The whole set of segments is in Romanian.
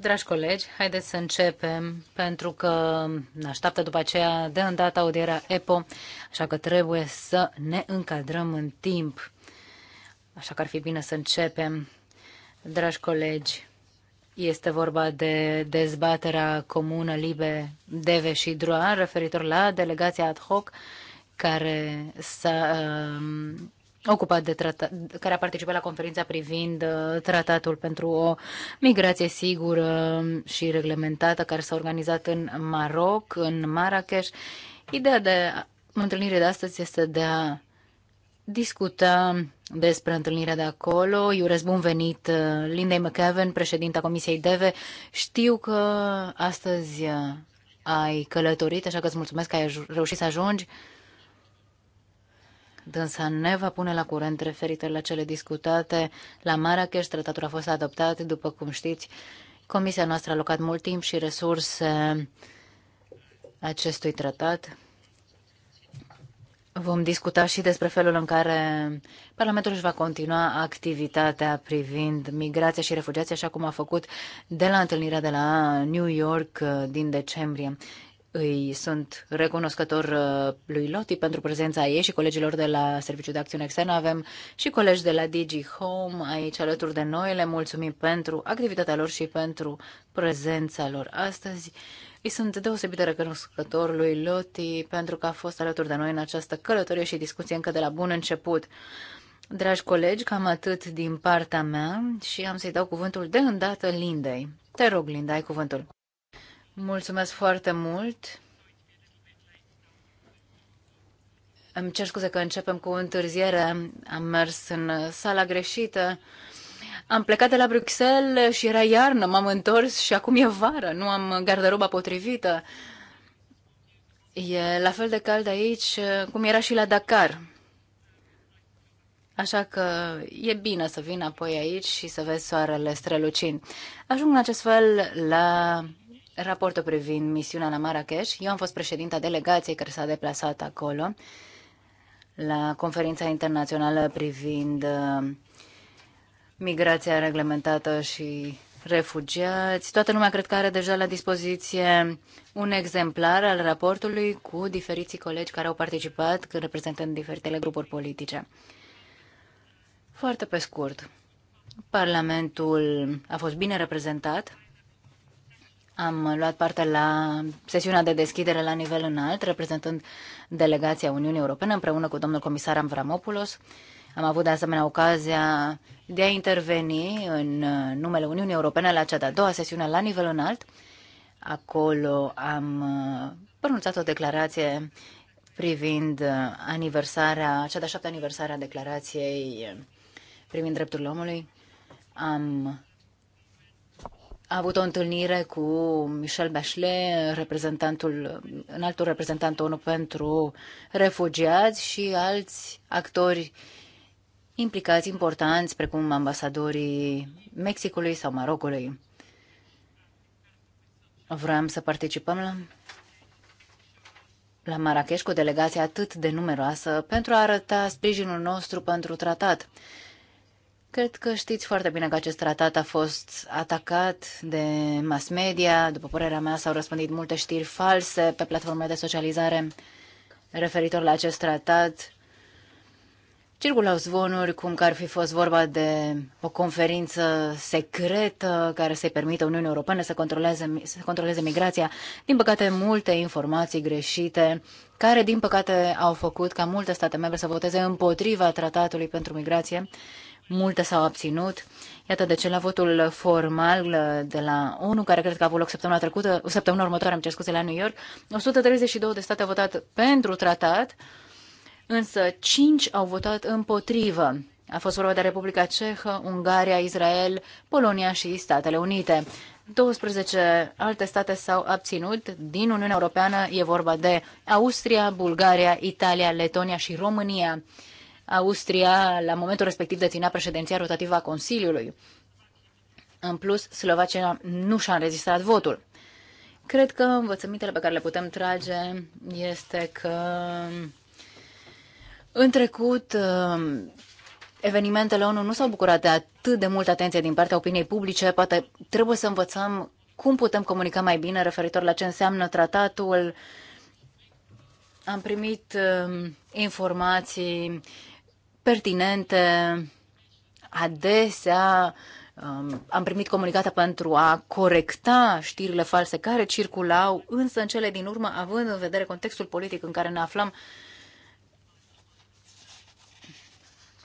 Dragi colegi, haideți să începem, pentru că ne așteaptă după aceea de îndată audierea EPO, așa că trebuie să ne încadrăm în timp. Așa că ar fi bine să începem. Dragi colegi, este vorba de dezbaterea comună Libe, Deve și Droa referitor la delegația ad hoc care s-a, um, ocupat de tratat, care a participat la conferința privind uh, tratatul pentru o migrație sigură și reglementată care s-a organizat în Maroc, în Marrakesh. Ideea de întâlnire de astăzi este de a discuta despre întâlnirea de acolo. Iurez, bun venit uh, Lindei McEwen, președinta Comisiei DEVE. Știu că astăzi uh, ai călătorit, așa că îți mulțumesc că ai reușit să ajungi. Dânsa ne va pune la curent referite la cele discutate la Marrakesh. Tratatul a fost adoptat, după cum știți. Comisia noastră a alocat mult timp și resurse acestui tratat. Vom discuta și despre felul în care Parlamentul își va continua activitatea privind migrația și refugiația, așa cum a făcut de la întâlnirea de la New York din decembrie. Îi sunt recunoscător uh, lui Loti pentru prezența ei și colegilor de la Serviciul de Acțiune Externă. Avem și colegi de la Digi Home aici alături de noi. Le mulțumim pentru activitatea lor și pentru prezența lor astăzi. Îi sunt deosebit de recunoscător lui Loti pentru că a fost alături de noi în această călătorie și discuție încă de la bun început. Dragi colegi, cam atât din partea mea și am să-i dau cuvântul de îndată Lindei. Te rog, Linda, ai cuvântul. Mulțumesc foarte mult. Îmi cer scuze că începem cu întârziere. Am mers în sala greșită. Am plecat de la Bruxelles și era iarnă, m-am întors și acum e vară, nu am garderoba potrivită. E la fel de cald aici uh, cum era și la Dakar. Așa că e bine să vin apoi aici și să vezi soarele strălucind. Ajung în acest fel la raportul privind misiunea la Marrakesh. Eu am fost președinta delegației care s-a deplasat acolo la conferința internațională privind uh, migrația reglementată și refugiați. Toată lumea cred că are deja la dispoziție un exemplar al raportului cu diferiții colegi care au participat, când reprezentând diferitele grupuri politice. Foarte pe scurt, Parlamentul a fost bine reprezentat, am luat parte la sesiunea de deschidere la nivel înalt, reprezentând delegația Uniunii Europene împreună cu domnul comisar Amvramopoulos. Am avut de asemenea ocazia de a interveni în numele Uniunii Europene la cea de-a doua sesiune la nivel înalt. Acolo am pronunțat o declarație privind aniversarea, cea de-a șaptea aniversare a declarației privind drepturile omului. Am a avut o întâlnire cu Michel Bachelet, reprezentantul, înaltul reprezentant ONU pentru refugiați și alți actori implicați importanți, precum ambasadorii Mexicului sau Marocului. Vreau să participăm la, la Marrakesh cu o delegație atât de numeroasă pentru a arăta sprijinul nostru pentru tratat. Cred că știți foarte bine că acest tratat a fost atacat de mass media. După părerea mea, s-au răspândit multe știri false pe platformele de socializare referitor la acest tratat. Circulau zvonuri cum că ar fi fost vorba de o conferință secretă care să-i permită Uniunii Europene să controleze, să controleze migrația. Din păcate, multe informații greșite, care, din păcate, au făcut ca multe state membre să voteze împotriva tratatului pentru migrație multe s-au abținut. Iată de ce la votul formal uh, de la ONU, care cred că a avut loc săptămâna trecută, uh, săptămâna următoare, am cer scuze, la New York, 132 de state au votat pentru tratat, însă 5 au votat împotrivă. A fost vorba de Republica Cehă, Ungaria, Israel, Polonia și Statele Unite. 12 alte state s-au abținut. Din Uniunea Europeană e vorba de Austria, Bulgaria, Italia, Letonia și România. Austria, la momentul respectiv, deținea președinția rotativă a Consiliului. În plus, Slovacia nu și-a înregistrat votul. Cred că învățămintele pe care le putem trage este că în trecut um, evenimentele ONU nu s-au bucurat de atât de multă atenție din partea opiniei publice. Poate trebuie să învățăm cum putem comunica mai bine referitor la ce înseamnă tratatul. Am primit um, informații pertinente. Adesea um, am primit comunicată pentru a corecta știrile false care circulau, însă în cele din urmă, având în vedere contextul politic în care ne aflam,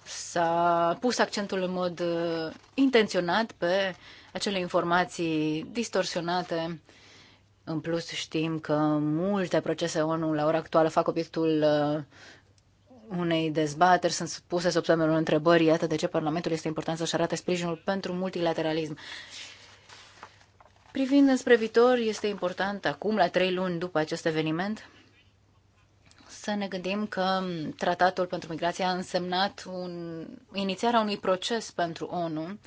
s-a pus accentul în mod uh, intenționat pe acele informații distorsionate. În plus știm că multe procese ONU la ora actuală fac obiectul uh, unei dezbateri sunt puse sub semnul întrebării, iată de ce Parlamentul este important să-și arate sprijinul pentru multilateralism. Privind înspre viitor, este important acum, la trei luni după acest eveniment, să ne gândim că tratatul pentru migrație a însemnat un, inițiarea unui proces pentru ONU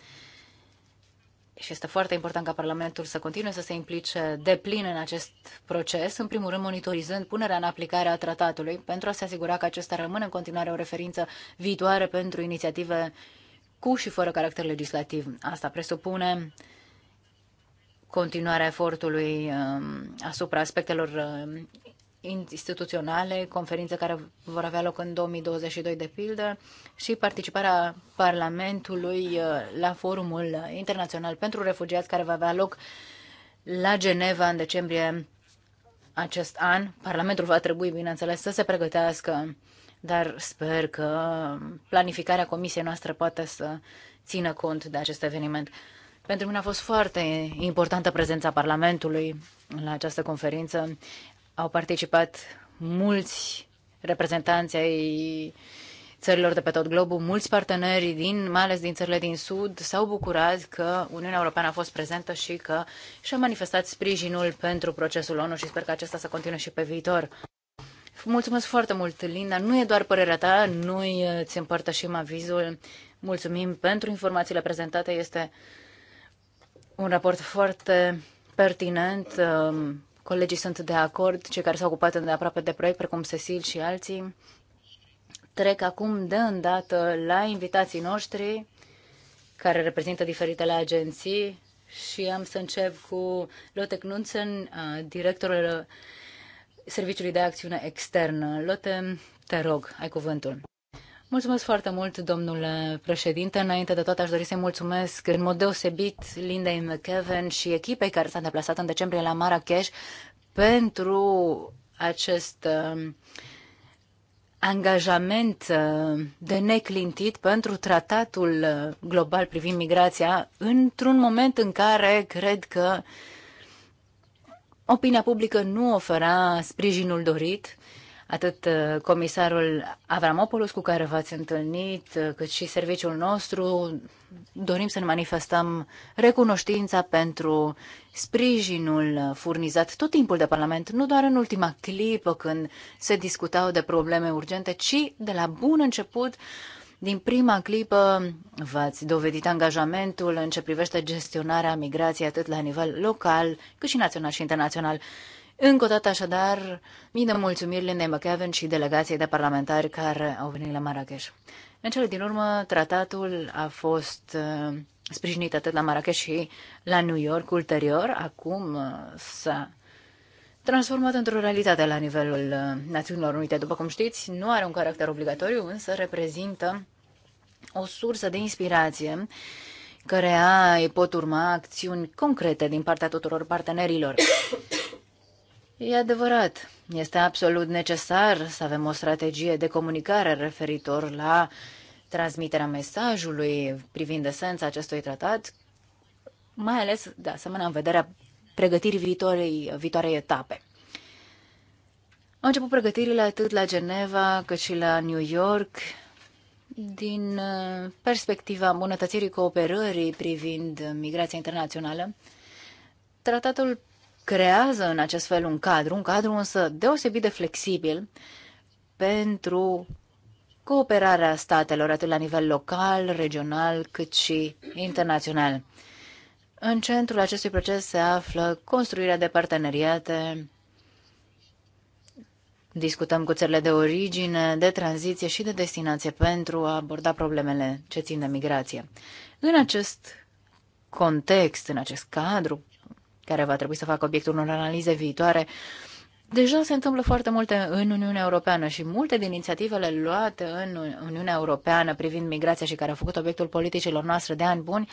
și este foarte important ca Parlamentul să continue să se implice de plin în acest proces, în primul rând monitorizând punerea în aplicare a tratatului pentru a se asigura că acesta rămâne în continuare o referință viitoare pentru inițiative cu și fără caracter legislativ. Asta presupune continuarea efortului um, asupra aspectelor um, instituționale, conferințe care vor avea loc în 2022 de pildă și participarea Parlamentului uh, la Forumul Internațional pentru Refugiați care va avea loc la Geneva în decembrie acest an. Parlamentul va trebui, bineînțeles, să se pregătească, dar sper că planificarea comisiei noastre poate să țină cont de acest eveniment. Pentru mine a fost foarte importantă prezența Parlamentului la această conferință. Au participat mulți reprezentanți ai țărilor de pe tot globul, mulți parteneri, din, mai ales din țările din Sud, s-au bucurat că Uniunea Europeană a fost prezentă și că și-a manifestat sprijinul pentru procesul ONU și sper că acesta să continue și pe viitor. Mulțumesc foarte mult, Linda. Nu e doar părerea ta, noi îți uh, împărtășim avizul. Mulțumim pentru informațiile prezentate. Este un raport foarte pertinent um, Colegii sunt de acord, cei care s-au ocupat îndeaproape de proiect, precum Cecil și alții. Trec acum de îndată la invitații noștri care reprezintă diferitele agenții și am să încep cu Lotte Knudsen, directorul Serviciului de Acțiune Externă. Lotte, te rog, ai cuvântul. Mulțumesc foarte mult, domnule președinte. Înainte de toate, aș dori să-i mulțumesc în mod deosebit Lindei McAvan și echipei care s-a deplasat în decembrie la Marrakech pentru acest um, uh, angajament de neclintit pentru tratatul uh, global privind migrația într-un moment în care cred că opinia publică nu ofera sprijinul dorit atât uh, comisarul Avramopoulos cu care v-ați întâlnit, uh, cât și serviciul nostru, dorim să ne manifestăm recunoștința pentru sprijinul furnizat tot timpul de Parlament, nu doar în ultima clipă când se discutau de probleme urgente, ci de la bun început din prima clipă v-ați dovedit angajamentul în ce privește gestionarea migrației atât la nivel local cât și național și internațional. Încă o dată, așadar, mii de mulțumiri Lindei McEwen și delegației de parlamentari care au venit la Marrakesh. În cele din urmă, tratatul a fost uh, sprijinit atât la Marrakesh și la New York ulterior. Acum uh, s-a transformat într-o realitate la nivelul uh, Națiunilor Unite. După cum știți, nu are un caracter obligatoriu, însă reprezintă o sursă de inspirație care îi pot urma acțiuni concrete din partea tuturor partenerilor. E adevărat, este absolut necesar să avem o strategie de comunicare referitor la transmiterea mesajului privind esența acestui tratat, mai ales, de asemenea, în vederea pregătirii viitoarei, viitoarei etape. Au început pregătirile atât la Geneva cât și la New York din uh, perspectiva îmbunătățirii cooperării privind migrația internațională. Tratatul creează în acest fel un cadru, un cadru însă deosebit de flexibil pentru cooperarea statelor, atât la nivel local, regional, cât și internațional. În centrul acestui proces se află construirea de parteneriate, discutăm cu țările de origine, de tranziție și de destinație pentru a aborda problemele ce țin de migrație. În acest context, în acest cadru care va trebui să facă obiectul unor analize viitoare. Deja se întâmplă foarte multe în Uniunea Europeană și multe din inițiativele luate în Uniunea Europeană privind migrația și care au făcut obiectul politicilor noastre de ani buni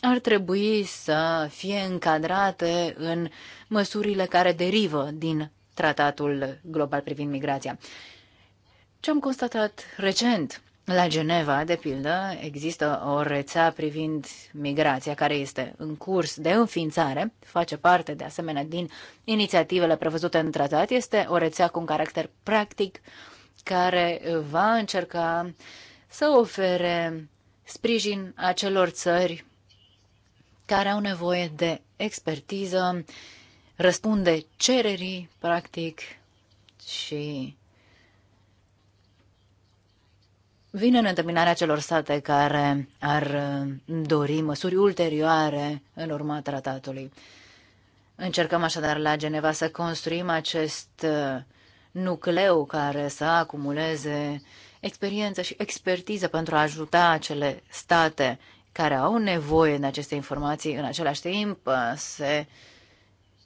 ar trebui să fie încadrate în măsurile care derivă din tratatul global privind migrația. Ce am constatat recent la Geneva, de pildă, există o rețea privind migrația care este în curs de înființare, face parte de asemenea din inițiativele prevăzute în tratat, este o rețea cu un caracter practic care va încerca să ofere sprijin acelor țări care au nevoie de expertiză, răspunde cererii, practic, și vine în întâmpinarea celor state care ar uh, dori măsuri ulterioare în urma tratatului. Încercăm așadar la Geneva să construim acest uh, nucleu care să acumuleze experiență și expertiză pentru a ajuta acele state care au nevoie de aceste informații, în același timp uh, se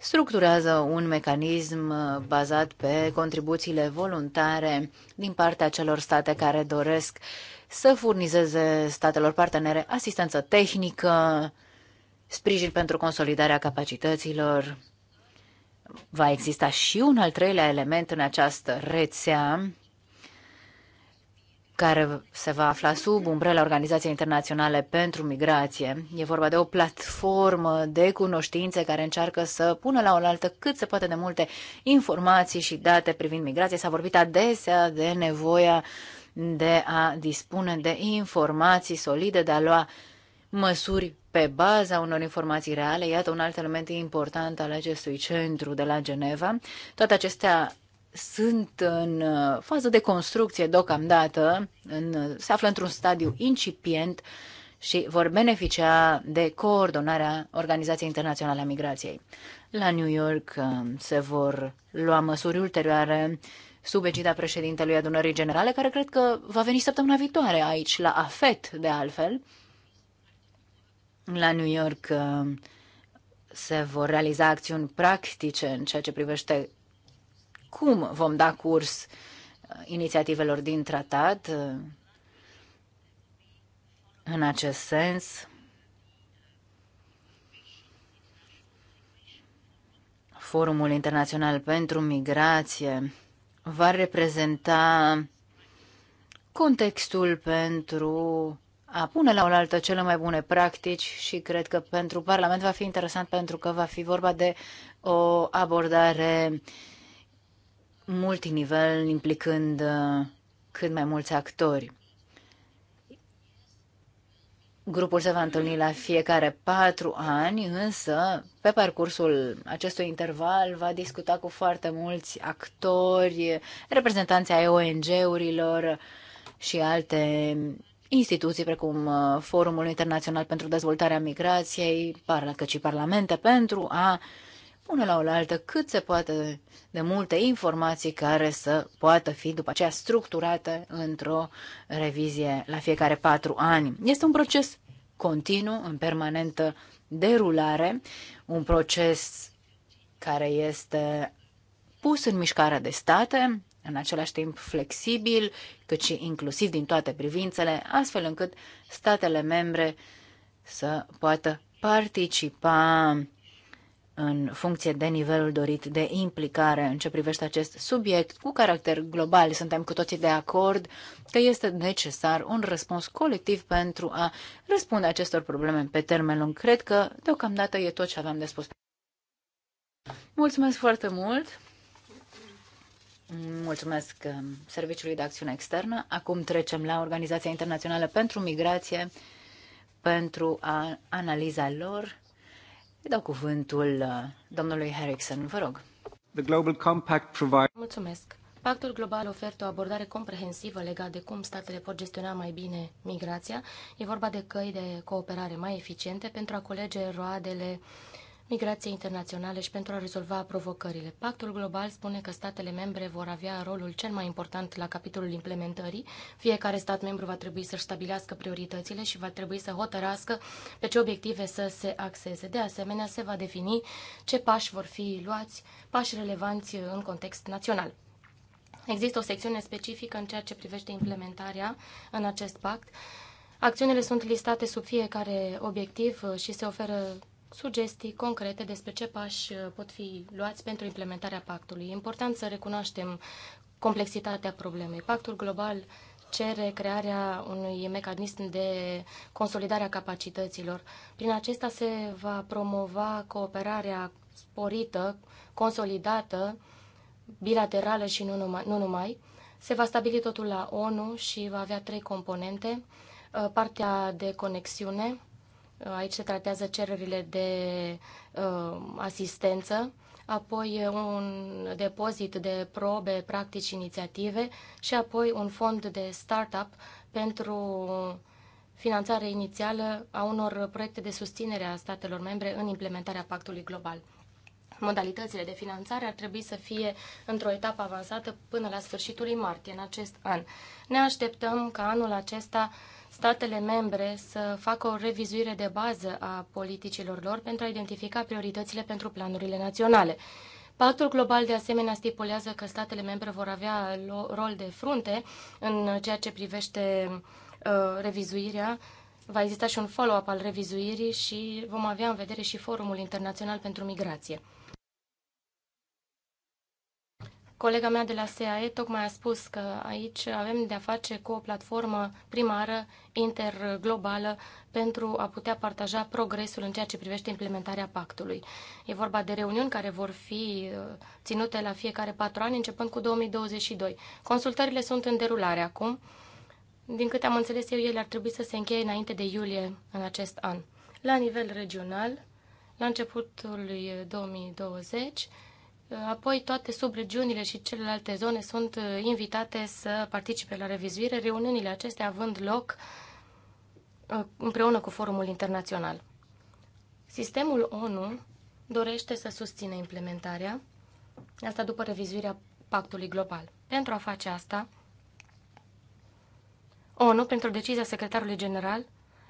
structurează un mecanism uh, bazat pe contribuțiile voluntare din partea celor state care doresc să furnizeze statelor partenere asistență tehnică, sprijin pentru consolidarea capacităților. Va exista și un al treilea element în această rețea care se va afla sub umbrela Organizației Internaționale pentru Migrație. E vorba de o platformă de cunoștințe care încearcă să pună la oaltă cât se poate de multe informații și date privind migrație. S-a vorbit adesea de nevoia de a dispune de informații solide, de a lua măsuri pe baza unor informații reale. Iată un alt element important al acestui centru de la Geneva. Toate acestea sunt în uh, fază de construcție deocamdată, în, uh, se află într-un stadiu incipient și vor beneficia de coordonarea Organizației Internaționale a Migrației. La New York uh, se vor lua măsuri ulterioare sub egida președintelui adunării generale, care cred că va veni săptămâna viitoare aici, la AFET, de altfel. La New York se vor realiza acțiuni practice în ceea ce privește cum vom da curs uh, inițiativelor din tratat uh, în acest sens. Forumul Internațional pentru Migrație va reprezenta contextul pentru a pune la oaltă cele mai bune practici și cred că pentru Parlament va fi interesant pentru că va fi vorba de o abordare multinivel, implicând uh, cât mai mulți actori. Grupul se va întâlni la fiecare patru ani, însă pe parcursul acestui interval va discuta cu foarte mulți actori, reprezentanții ai ONG-urilor și alte instituții precum uh, Forumul Internațional pentru Dezvoltarea Migrației, cât și parlamente, pentru a uh, pune la oaltă cât se poate de multe informații care să poată fi după aceea structurate într-o revizie la fiecare patru ani. Este un proces continuu, în permanentă derulare, un proces care este pus în mișcare de state, în același timp flexibil, cât și inclusiv din toate privințele, astfel încât statele membre să poată participa în funcție de nivelul dorit de implicare în ce privește acest subiect cu caracter global. Suntem cu toții de acord că este necesar un răspuns colectiv pentru a răspunde acestor probleme pe termen lung. Cred că deocamdată e tot ce aveam de spus. Mulțumesc foarte mult! Mulțumesc um, Serviciului de Acțiune Externă. Acum trecem la Organizația Internațională pentru Migrație pentru a analiza lor dau cuvântul uh, domnului Harrison, vă rog. The Global Compact provide... Mulțumesc. Pactul global oferă o abordare comprehensivă legată de cum statele pot gestiona mai bine migrația. E vorba de căi de cooperare mai eficiente pentru a colege roadele uh, migrației internaționale și pentru a rezolva provocările. Pactul global spune că statele membre vor avea rolul cel mai important la capitolul implementării. Fiecare stat membru va trebui să-și stabilească prioritățile și va trebui să hotărască pe ce obiective să se axeze. De asemenea, se va defini ce pași vor fi luați, pași relevanți în context național. Există o secțiune specifică în ceea ce privește implementarea în acest pact. Acțiunile sunt listate sub fiecare obiectiv și se oferă sugestii concrete despre ce pași uh, pot fi luați pentru implementarea pactului. E important să recunoaștem complexitatea problemei. Pactul global cere crearea unui mecanism de consolidare a capacităților. Prin acesta se va promova cooperarea sporită, consolidată, bilaterală și nu numai. Nu numai. Se va stabili totul la ONU și va avea trei componente. Uh, partea de conexiune, Aici se tratează cererile de uh, asistență, apoi uh, un depozit de probe, practici, inițiative și apoi un fond de startup pentru finanțare inițială a unor proiecte de susținere a statelor membre în implementarea pactului global modalitățile de finanțare ar trebui să fie într-o etapă avansată până la sfârșitul lui martie în acest an. Ne așteptăm ca anul acesta statele membre să facă o revizuire de bază a politicilor lor pentru a identifica prioritățile pentru planurile naționale. Pactul global de asemenea stipulează că statele membre vor avea rol de frunte în ceea ce privește uh, revizuirea. Va exista și un follow-up al revizuirii și vom avea în vedere și Forumul Internațional pentru Migrație. Colega mea de la SAE tocmai a spus că aici avem de-a face cu o platformă primară interglobală pentru a putea partaja progresul în ceea ce privește implementarea pactului. E vorba de reuniuni care vor fi uh, ținute la fiecare patru ani, începând cu 2022. Consultările sunt în derulare acum. Din câte am înțeles eu, ele ar trebui să se încheie înainte de iulie în acest an. La nivel regional, la începutul lui 2020, Apoi toate subregiunile și celelalte zone sunt uh, invitate să participe la revizuire, reuniunile acestea având loc uh, împreună cu Forumul Internațional. Sistemul ONU dorește să susțină implementarea, asta după revizuirea pactului global. Pentru a face asta, ONU, pentru decizia secretarului general,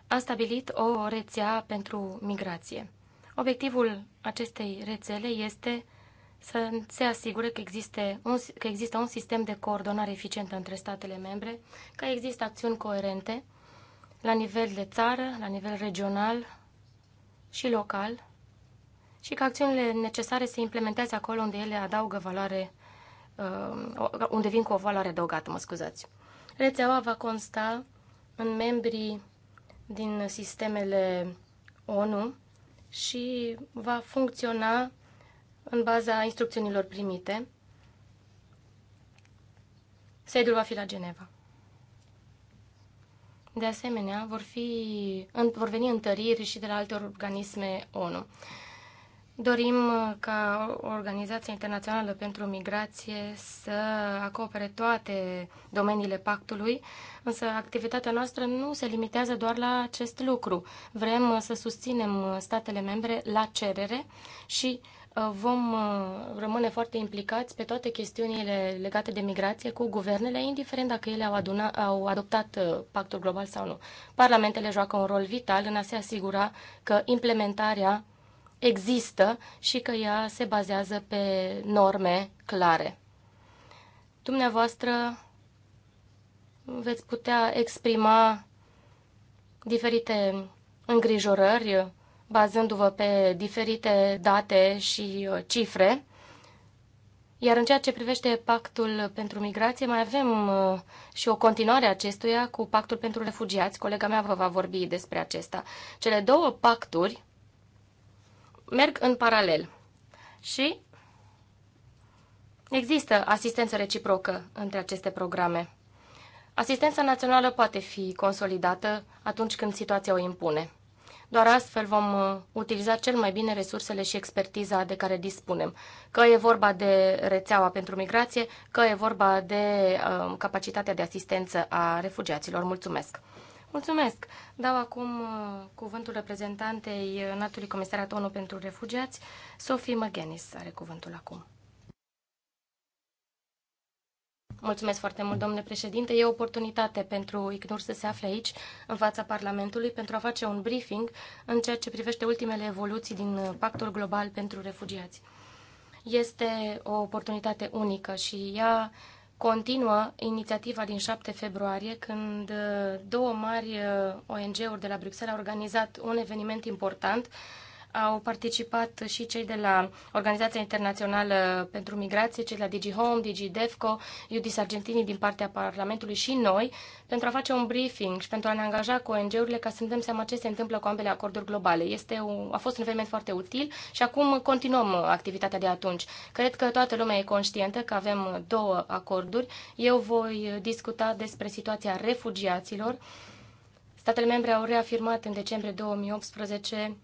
a stabilit o rețea pentru migrație. Obiectivul acestei rețele este să se asigure că, existe un, că există un sistem de coordonare eficientă între statele membre, că există acțiuni coerente la nivel de țară, la nivel regional și local și că acțiunile necesare se implementează acolo unde ele adaugă valoare, uh, unde vin cu o valoare adăugată, mă scuzați. Rețeaua va consta în membrii din sistemele ONU și va funcționa în baza instrucțiunilor primite. Sediul va fi la Geneva. De asemenea, vor, fi, vor veni întăriri și de la alte organisme ONU. Dorim uh, ca Organizația Internațională pentru Migrație să acopere toate domeniile pactului, însă activitatea noastră nu se limitează doar la acest lucru. Vrem uh, să susținem uh, statele membre la cerere și Uh, vom uh, rămâne foarte implicați pe toate chestiunile legate de migrație cu guvernele, indiferent dacă ele au, aduna, au adoptat uh, pactul global sau nu. Parlamentele joacă un rol vital în a se asigura că implementarea există și că ea se bazează pe norme clare. Dumneavoastră veți putea exprima diferite îngrijorări bazându-vă pe diferite date și uh, cifre. Iar în ceea ce privește pactul pentru migrație, mai avem uh, și o continuare a acestuia cu pactul pentru refugiați. Colega mea vă va vorbi despre acesta. Cele două pacturi merg în paralel și există asistență reciprocă între aceste programe. Asistența națională poate fi consolidată atunci când situația o impune. Doar astfel vom uh, utiliza cel mai bine resursele și expertiza de care dispunem. Că e vorba de rețeaua pentru migrație, că e vorba de um, capacitatea de asistență a refugiaților. Mulțumesc! Mulțumesc! Dau acum uh, cuvântul reprezentantei Natului Comisariat ONU pentru Refugiați, Sophie McGuinness are cuvântul acum. Mulțumesc foarte mult, domnule președinte. E o oportunitate pentru ICNUR să se afle aici, în fața Parlamentului, pentru a face un briefing în ceea ce privește ultimele evoluții din Pactul Global pentru Refugiați. Este o oportunitate unică și ea continuă inițiativa din 7 februarie, când două mari uh, ONG-uri de la Bruxelles au organizat un eveniment important au participat și cei de la Organizația Internațională pentru Migrație, cei de la DigiHome, DigiDefco, Iudis Argentinii din partea Parlamentului și noi, pentru a face un briefing și pentru a ne angaja cu ONG-urile ca să ne dăm seama ce se întâmplă cu ambele acorduri globale. Este un, a fost un eveniment foarte util și acum continuăm activitatea de atunci. Cred că toată lumea e conștientă că avem două acorduri. Eu voi discuta despre situația refugiaților. Statele membre au reafirmat în decembrie 2018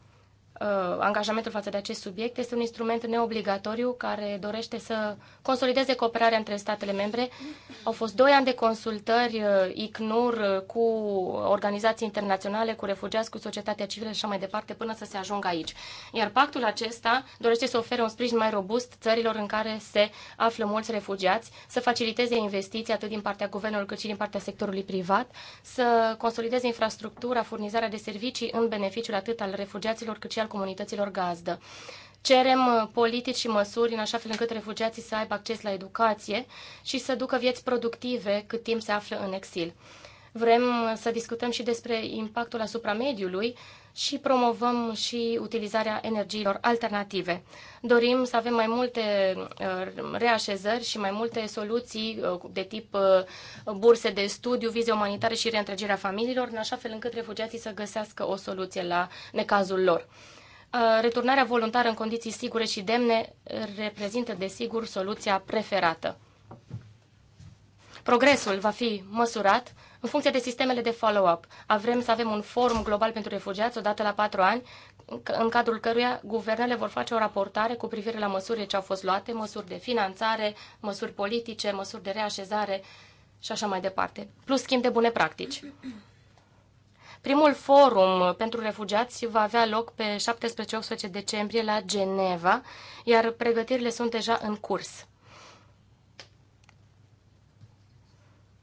Uh, angajamentul față de acest subiect este un instrument neobligatoriu care dorește să consolideze cooperarea între statele membre. Au fost doi ani de consultări uh, ICNUR uh, cu organizații internaționale, cu refugiați, cu societatea civilă și așa mai departe, până să se ajungă aici. Iar pactul acesta dorește să ofere un sprijin mai robust țărilor în care se află mulți refugiați, să faciliteze investiții atât din partea guvernului cât și din partea sectorului privat, să consolideze infrastructura, furnizarea de servicii în beneficiul atât al refugiaților cât și al comunităților gazdă. Cerem uh, politici și măsuri în așa fel încât refugiații să aibă acces la educație și să ducă vieți productive cât timp se află în exil. Vrem uh, să discutăm și despre impactul asupra mediului și promovăm și utilizarea energiilor alternative. Dorim să avem mai multe uh, reașezări și mai multe soluții de tip burse de studiu, vize umanitare și reîntregirea familiilor, în așa fel încât refugiații să găsească o soluție la necazul lor. Uh, returnarea voluntară în condiții sigure și demne reprezintă, desigur, soluția preferată. Progresul va fi măsurat în funcție de sistemele de follow-up. Avem să avem un forum global pentru refugiați odată la patru ani, în cadrul căruia guvernele vor face o raportare cu privire la măsurile ce au fost luate, măsuri de finanțare, măsuri politice, măsuri de reașezare și așa mai departe, plus schimb de bune practici. Primul forum pentru refugiați va avea loc pe 17-18 decembrie la Geneva, iar pregătirile sunt deja în curs.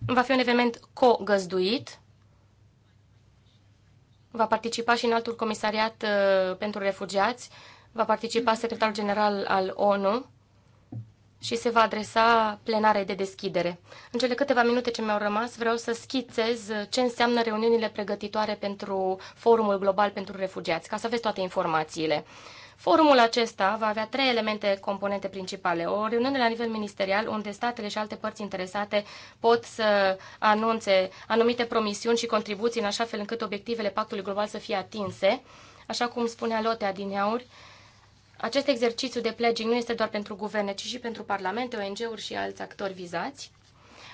Va fi un eveniment co-găzduit. Va participa și în altul comisariat uh, pentru refugiați. Va participa secretarul general al ONU și se va adresa plenare de deschidere. În cele câteva minute ce mi-au rămas, vreau să schițez ce înseamnă reuniunile pregătitoare pentru Forumul Global pentru Refugiați, ca să aveți toate informațiile. Forumul acesta va avea trei elemente componente principale. O reuniune la nivel ministerial, unde statele și alte părți interesate pot să anunțe anumite promisiuni și contribuții în așa fel încât obiectivele pactului global să fie atinse. Așa cum spunea Lotea din Iauri, acest exercițiu de pledging nu este doar pentru guverne, ci și pentru parlamente, ONG-uri și alți actori vizați.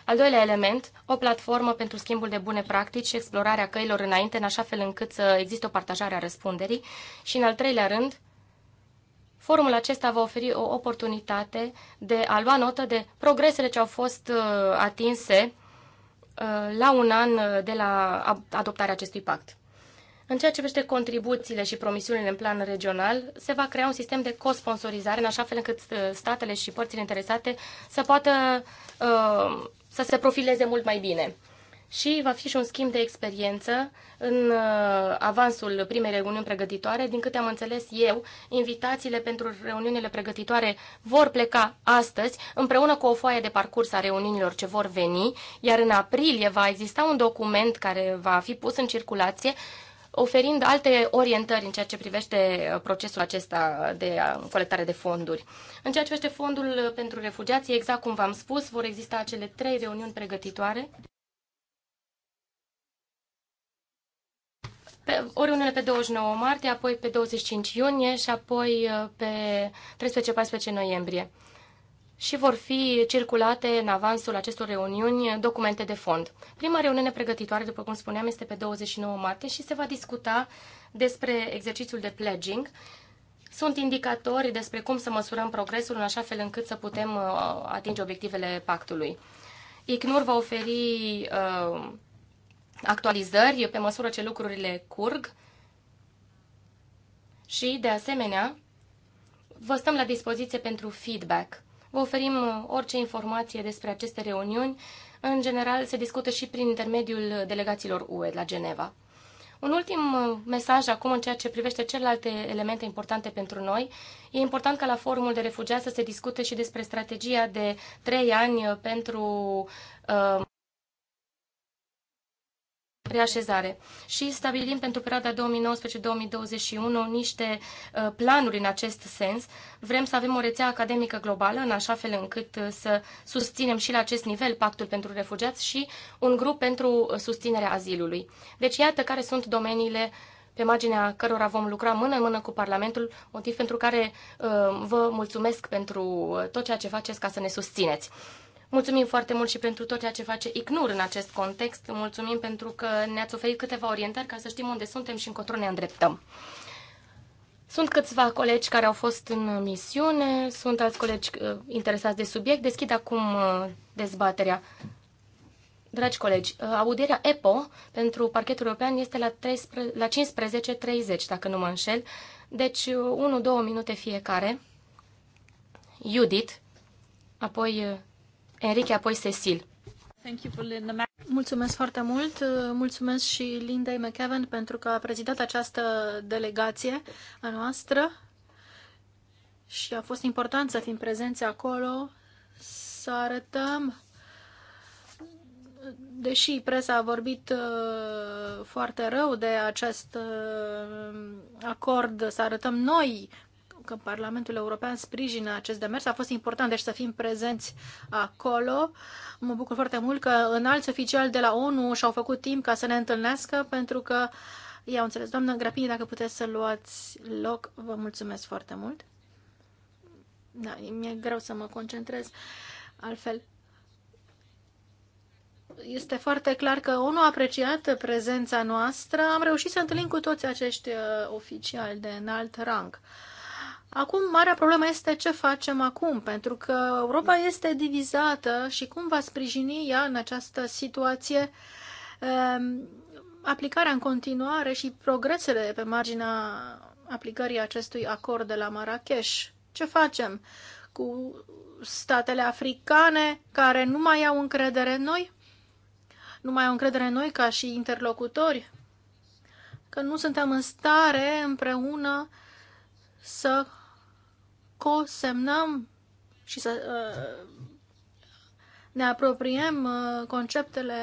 Al doilea element, o platformă pentru schimbul de bune practici și explorarea căilor înainte, în așa fel încât să existe o partajare a răspunderii. Și în al treilea rând, forumul acesta va oferi o oportunitate de a lua notă de progresele ce au fost uh, atinse uh, la un an uh, de la adoptarea acestui pact. În ceea ce privește contribuțiile și promisiunile în plan regional, se va crea un sistem de cosponsorizare în așa fel încât ă, statele și părțile interesate să poată uh, să se profileze mult mai bine. Și va fi și un schimb de experiență în uh, avansul primei reuniuni pregătitoare. Din câte am înțeles eu, invitațiile pentru reuniunile pregătitoare vor pleca astăzi, împreună cu o foaie de parcurs a reuniunilor ce vor veni, iar în aprilie va exista un document care va fi pus în circulație oferind alte orientări în ceea ce privește uh, procesul acesta de uh, colectare de fonduri. În ceea ce privește fondul uh, pentru refugiații, exact cum v-am spus, vor exista acele trei reuniuni pregătitoare. Pe, o reuniune pe 29 martie, apoi pe 25 iunie și apoi pe 13-14 noiembrie și vor fi circulate în avansul acestor reuniuni documente de fond. Prima reuniune pregătitoare, după cum spuneam, este pe 29 martie și se va discuta despre exercițiul de pledging. Sunt indicatori despre cum să măsurăm progresul în așa fel încât să putem uh, atinge obiectivele pactului. ICNUR va oferi uh, actualizări pe măsură ce lucrurile curg și, de asemenea, vă stăm la dispoziție pentru feedback Vă oferim uh, orice informație despre aceste reuniuni. În general, se discută și prin intermediul delegațiilor UE de la Geneva. Un ultim uh, mesaj acum în ceea ce privește celelalte elemente importante pentru noi. E important ca la forumul de refugiați să se discute și despre strategia de trei ani uh, pentru uh, reașezare și stabilim pentru perioada 2019-2021 niște uh, planuri în acest sens. Vrem să avem o rețea academică globală în așa fel încât uh, să susținem și la acest nivel pactul pentru refugiați și un grup pentru uh, susținerea azilului. Deci iată care sunt domeniile pe marginea cărora vom lucra mână în mână cu Parlamentul, motiv pentru care vă mulțumesc pentru tot ceea ce faceți ca să ne susțineți. Mulțumim foarte mult și pentru tot ceea ce face ICNUR în acest context. Mulțumim pentru că ne-ați oferit câteva orientări ca să știm unde suntem și încotro ne îndreptăm. Sunt câțiva colegi care au fost în misiune, sunt alți colegi uh, interesați de subiect. Deschid acum uh, dezbaterea. Dragi colegi, uh, audierea EPO pentru parchetul european este la, la 15.30, dacă nu mă înșel, deci 1-2 minute fiecare. Judith, apoi Enrique, apoi Cecil. Mulțumesc foarte mult. Mulțumesc și Lindei McEwen pentru că a prezidat această delegație a noastră și a fost important să fim prezenți acolo, să arătăm, deși presa a vorbit uh, foarte rău de acest uh, acord, să arătăm noi că Parlamentul European sprijină acest demers. A fost important, deci, să fim prezenți acolo. Mă bucur foarte mult că înalți oficiali de la ONU și-au făcut timp ca să ne întâlnească, pentru că i-au înțeles. Doamnă Grapini, dacă puteți să luați loc, vă mulțumesc foarte mult. Da, mi-e greu să mă concentrez altfel. Este foarte clar că ONU a apreciat prezența noastră. Am reușit să întâlnim cu toți acești uh, oficiali de înalt rang. Uh, Acum, marea problemă este ce facem acum, pentru că Europa este divizată și cum va sprijini ea în această situație ehm, aplicarea în continuare și progresele pe marginea aplicării acestui acord de la Marrakesh. Ce facem cu statele africane care nu mai au încredere în noi? Nu mai au încredere în noi ca și interlocutori? Că nu suntem în stare împreună să cosemnăm și să uh, ne apropiem uh, conceptele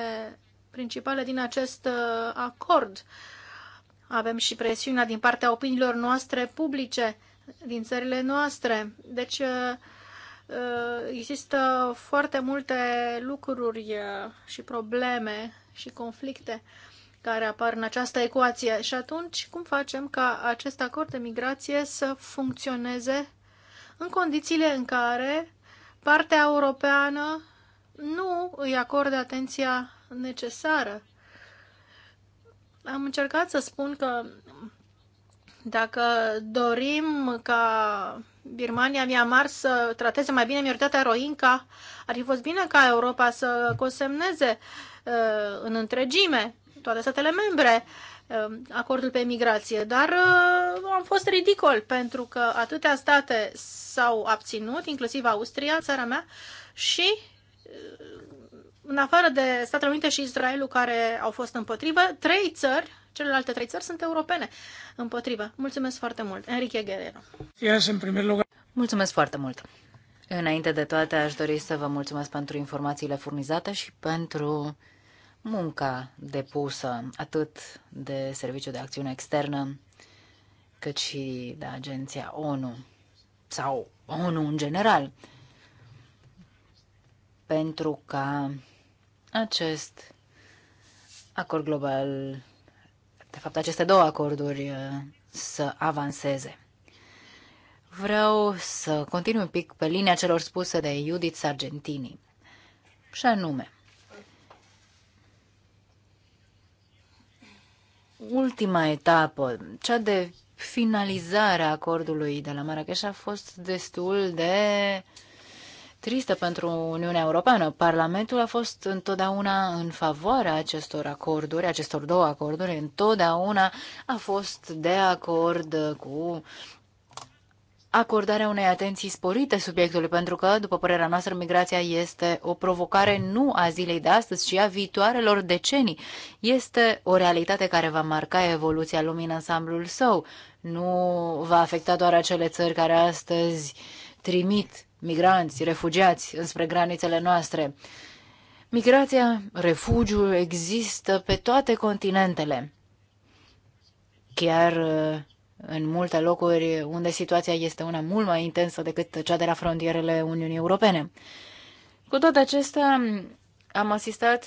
principale din acest uh, acord. Avem și presiunea din partea opiniilor noastre publice din țările noastre. Deci există foarte multe lucruri și probleme și conflicte care apar în această ecuație. Și atunci, cum facem ca acest acord de migrație să funcționeze în condițiile în care partea europeană nu îi acordă atenția necesară. Am încercat să spun că dacă dorim ca Birmania, Myanmar să trateze mai bine minoritatea roinca, ar fi fost bine ca Europa să consemneze uh, în întregime toate statele membre uh, acordul pe migrație, dar uh, am fost ridicol pentru că atâtea state s-au abținut, inclusiv Austria, țara mea, și în afară de Statele Unite și Israelul care au fost împotrivă, trei țări, celelalte trei țări sunt europene împotrivă. Mulțumesc foarte mult. Enrique Guerrero. în primul loc. Mulțumesc foarte mult. Înainte de toate, aș dori să vă mulțumesc pentru informațiile furnizate și pentru munca depusă atât de Serviciul de Acțiune Externă, cât și de agenția ONU sau ONU în general, pentru ca acest acord global, de fapt aceste două acorduri, uh, să avanseze. Vreau să continui un pic pe linia celor spuse de Judith Sargentini, și anume, ultima etapă, cea de finalizarea acordului de la Marrakesh a fost destul de tristă pentru Uniunea Europeană. Parlamentul a fost întotdeauna în favoarea acestor acorduri, acestor două acorduri, întotdeauna a fost de acord cu acordarea unei atenții sporite subiectului, pentru că, după părerea noastră, migrația este o provocare nu a zilei de astăzi, ci a viitoarelor decenii. Este o realitate care va marca evoluția lumii în ansamblul său nu va afecta doar acele țări care astăzi trimit migranți, refugiați înspre granițele noastre. Migrația, refugiul există pe toate continentele. Chiar uh, în multe locuri unde situația este una mult mai intensă decât cea de la frontierele Uniunii Europene. Cu toate acestea, am asistat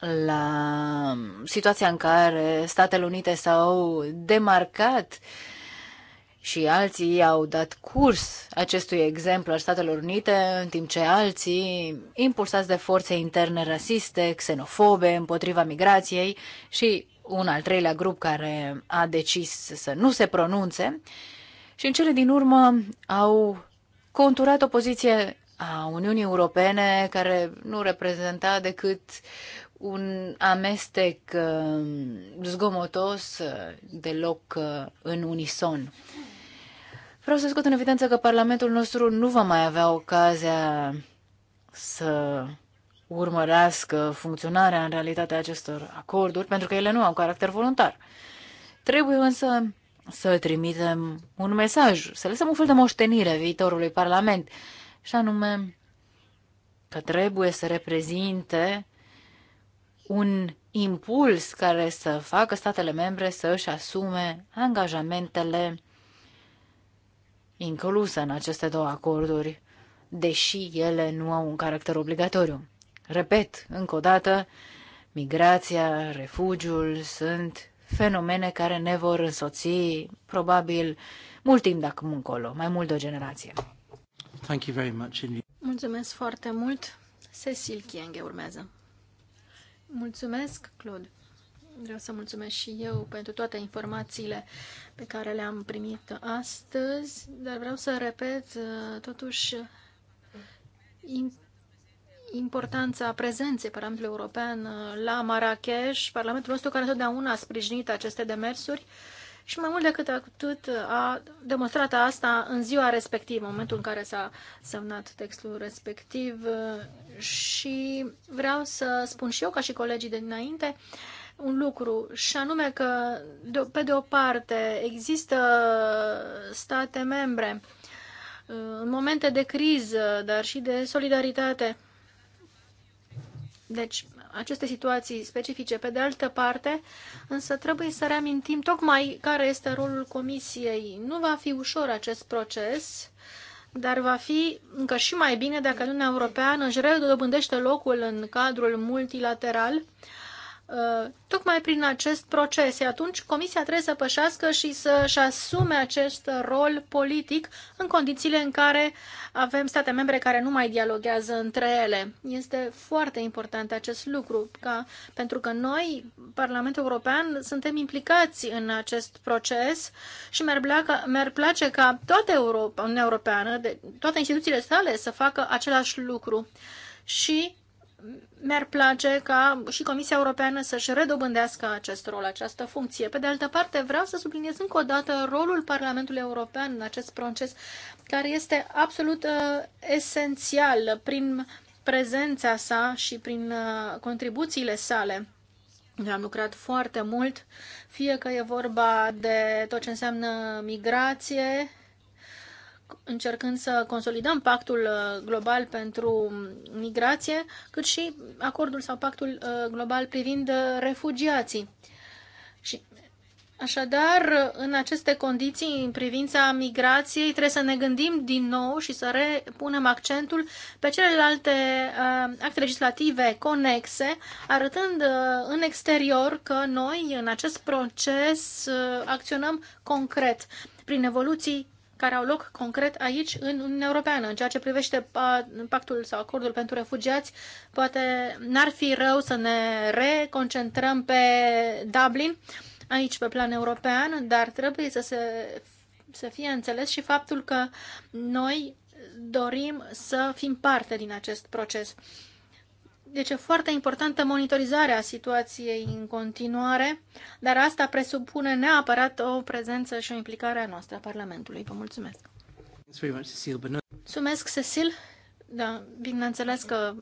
la situația în care Statele Unite s-au demarcat și alții au dat curs acestui exemplu al Statelor Unite, în timp ce alții, impulsați de forțe interne rasiste, xenofobe, împotriva migrației și un al treilea grup care a decis să nu se pronunțe, și în cele din urmă au conturat o poziție a Uniunii Europene care nu reprezenta decât un amestec uh, zgomotos, uh, deloc uh, în unison. Vreau să scot în evidență că Parlamentul nostru nu va mai avea ocazia să urmărească funcționarea în realitate a acestor acorduri, pentru că ele nu au caracter voluntar. Trebuie însă să trimitem un mesaj, să lăsăm un fel de moștenire viitorului Parlament, și anume că trebuie să reprezinte un impuls care să facă statele membre să își asume angajamentele incluse în aceste două acorduri, deși ele nu au un caracter obligatoriu. Repet, încă o dată, migrația, refugiul sunt fenomene care ne vor însoți probabil mult timp dacă nu încolo, mai mult de o generație. Thank you very much. Mulțumesc foarte mult. Cecil Chienghe urmează. Mulțumesc, Claude. Vreau să mulțumesc și eu pentru toate informațiile pe care le-am primit astăzi, dar vreau să repet uh, totuși importanța prezenței Parlamentului European uh, la Marrakesh, Parlamentul nostru care totdeauna a sprijinit aceste demersuri și mai mult decât atât a demonstrat asta în ziua respectivă, în momentul în care s-a semnat textul respectiv și vreau să spun și eu, ca și colegii de dinainte, un lucru, și anume că, pe de o parte, există state membre uh, în momente de criză, dar și de solidaritate. Deci, aceste situații specifice. Pe de altă parte, însă trebuie să reamintim tocmai care este rolul Comisiei. Nu va fi ușor acest proces, dar va fi încă și mai bine dacă Uniunea Europeană își redobândește locul în cadrul multilateral Uh, tocmai prin acest proces. Atunci Comisia trebuie să pășească și să-și asume acest rol politic în condițiile în care avem state membre care nu mai dialoghează între ele. Este foarte important acest lucru, ca, pentru că noi, Parlamentul European, suntem implicați în acest proces și mi-ar, placa, mi-ar place ca toată Europa, Uniunea Europeană, de, toate instituțiile sale să facă același lucru. Și mi-ar place ca și Comisia Europeană să-și redobândească acest rol, această funcție. Pe de altă parte, vreau să subliniez încă o dată rolul Parlamentului European în acest proces, care este absolut uh, esențial prin prezența sa și prin uh, contribuțiile sale. Am lucrat foarte mult, fie că e vorba de tot ce înseamnă migrație, încercând să consolidăm pactul uh, global pentru migrație, cât și acordul sau pactul uh, global privind uh, refugiații. Și Așadar, în aceste condiții, în privința migrației, trebuie să ne gândim din nou și să repunem accentul pe celelalte uh, acte legislative conexe, arătând uh, în exterior că noi, în acest proces, uh, acționăm concret, prin evoluții care au loc concret aici în Uniunea Europeană. În ceea ce privește pactul sau acordul pentru refugiați, poate n-ar fi rău să ne reconcentrăm pe Dublin, aici pe plan european, dar trebuie să, se, să fie înțeles și faptul că noi dorim să fim parte din acest proces. Deci e foarte importantă monitorizarea situației în continuare, dar asta presupune neapărat o prezență și o implicare a noastră a Parlamentului. Vă mulțumesc! Mulțumesc, Cecil! Da, bineînțeles că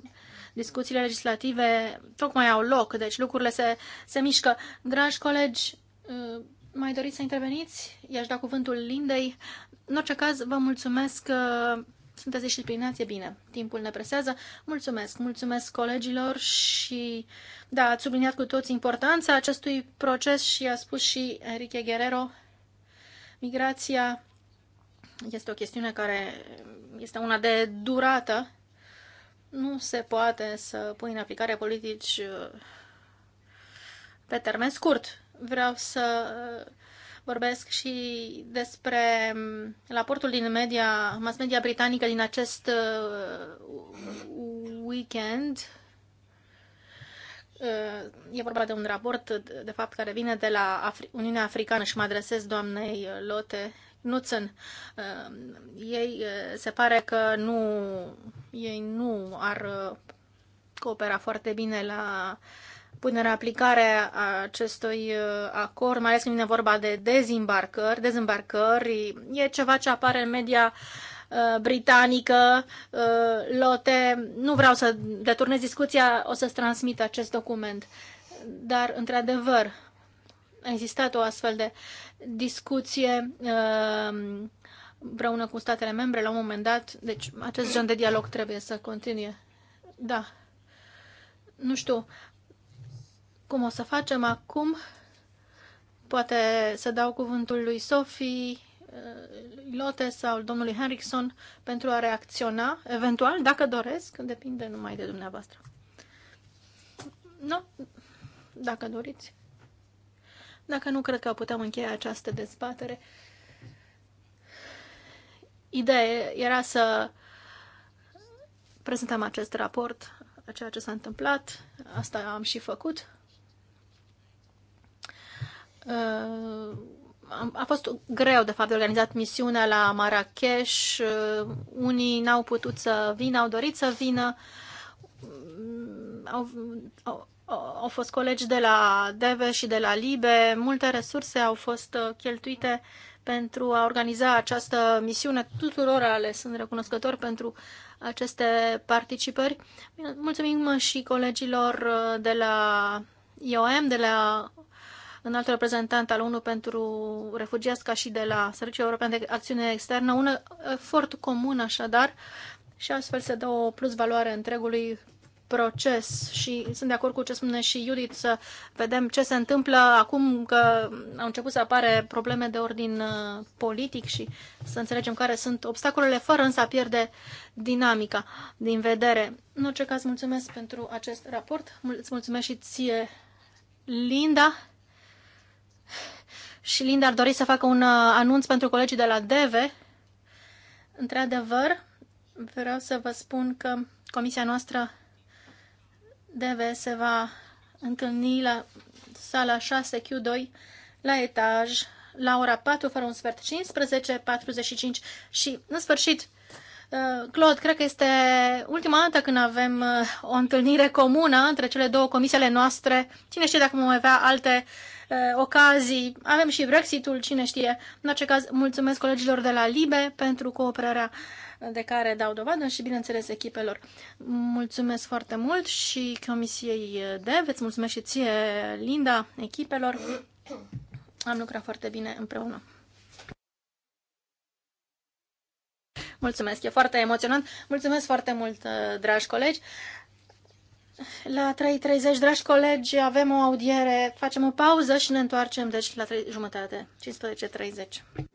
discuțiile legislative tocmai au loc, deci lucrurile se, se mișcă. Dragi colegi, uh, mai doriți să interveniți? I-aș da cuvântul Lindei. În orice caz, vă mulțumesc uh, sunteți disciplinați, e bine. Timpul ne presează. Mulțumesc, mulțumesc colegilor și, da, ați subliniat cu toți importanța acestui proces și a spus și Enrique Guerrero, migrația este o chestiune care este una de durată. Nu se poate să pui în aplicare politici uh, pe termen scurt. Vreau să vorbesc și despre mm, raportul din media, mass media britanică din acest uh, weekend. Uh, e vorba de un raport, de fapt, care vine de la Afri Uniunea Africană și mă adresez doamnei Lote Knudsen. Uh, ei se pare că nu, ei nu ar coopera foarte bine la punerea aplicare a acestui uh, acord, mai ales când vine vorba de dezimbarcări, Dezimbarcări e ceva ce apare în media uh, britanică, uh, lote, nu vreau să deturnez discuția, o să-ți transmit acest document. Dar, într-adevăr, a existat o astfel de discuție împreună cu statele membre la un moment dat, deci acest gen de dialog trebuie să continue. Da. Nu știu, cum o să facem acum? Poate să dau cuvântul lui Sophie, lui Lotte sau domnului Henriksson pentru a reacționa, eventual, dacă doresc, depinde numai de dumneavoastră. Nu? Dacă doriți. Dacă nu, cred că putem încheia această dezbatere. Ideea era să prezentăm acest raport, ceea ce s-a întâmplat, asta am și făcut. Uh, a fost greu, de fapt, de organizat misiunea la Marrakesh. Uh, unii n-au putut să vină, au dorit să vină. Mm, au, au, au fost colegi de la DEVE și de la LIBE. Multe resurse au fost uh, cheltuite pentru a organiza această misiune. Tuturor ale, sunt recunoscători pentru aceste participări. Mulțumim și colegilor de la IOM, de la înalt alt reprezentant al ONU pentru refugiați, ca și de la Serviciul European de Acțiune Externă, un efort comun așadar și astfel se dă o plus valoare întregului proces și sunt de acord cu ce spune și Judith să vedem ce se întâmplă acum că au început să apare probleme de ordin uh, politic și să înțelegem care sunt obstacolele fără însă a pierde dinamica din vedere. În orice caz, mulțumesc pentru acest raport. Îți mulțumesc și ție, Linda. Și Linda ar dori să facă un uh, anunț pentru colegii de la DEVE. Într-adevăr, vreau să vă spun că comisia noastră DEVE se va întâlni la sala 6Q2 la etaj la ora 4 fără un sfert, 15.45 și în sfârșit uh, Claude, cred că este ultima dată când avem uh, o întâlnire comună între cele două comisiile noastre. Cine știe dacă vom avea alte uh, Uh, ocazii. Avem și Brexitul, cine știe. În orice caz, mulțumesc colegilor de la Libe pentru cooperarea de care dau dovadă și, bineînțeles, echipelor. Mulțumesc foarte mult și Comisiei DEV, veți mulțumesc și ție, Linda, echipelor. Am lucrat foarte bine împreună. Mulțumesc, e foarte emoționant. Mulțumesc foarte mult, uh, dragi colegi. La 3.30, dragi colegi, avem o audiere, facem o pauză și ne întoarcem, deci, la 3, jumătate, 15.30.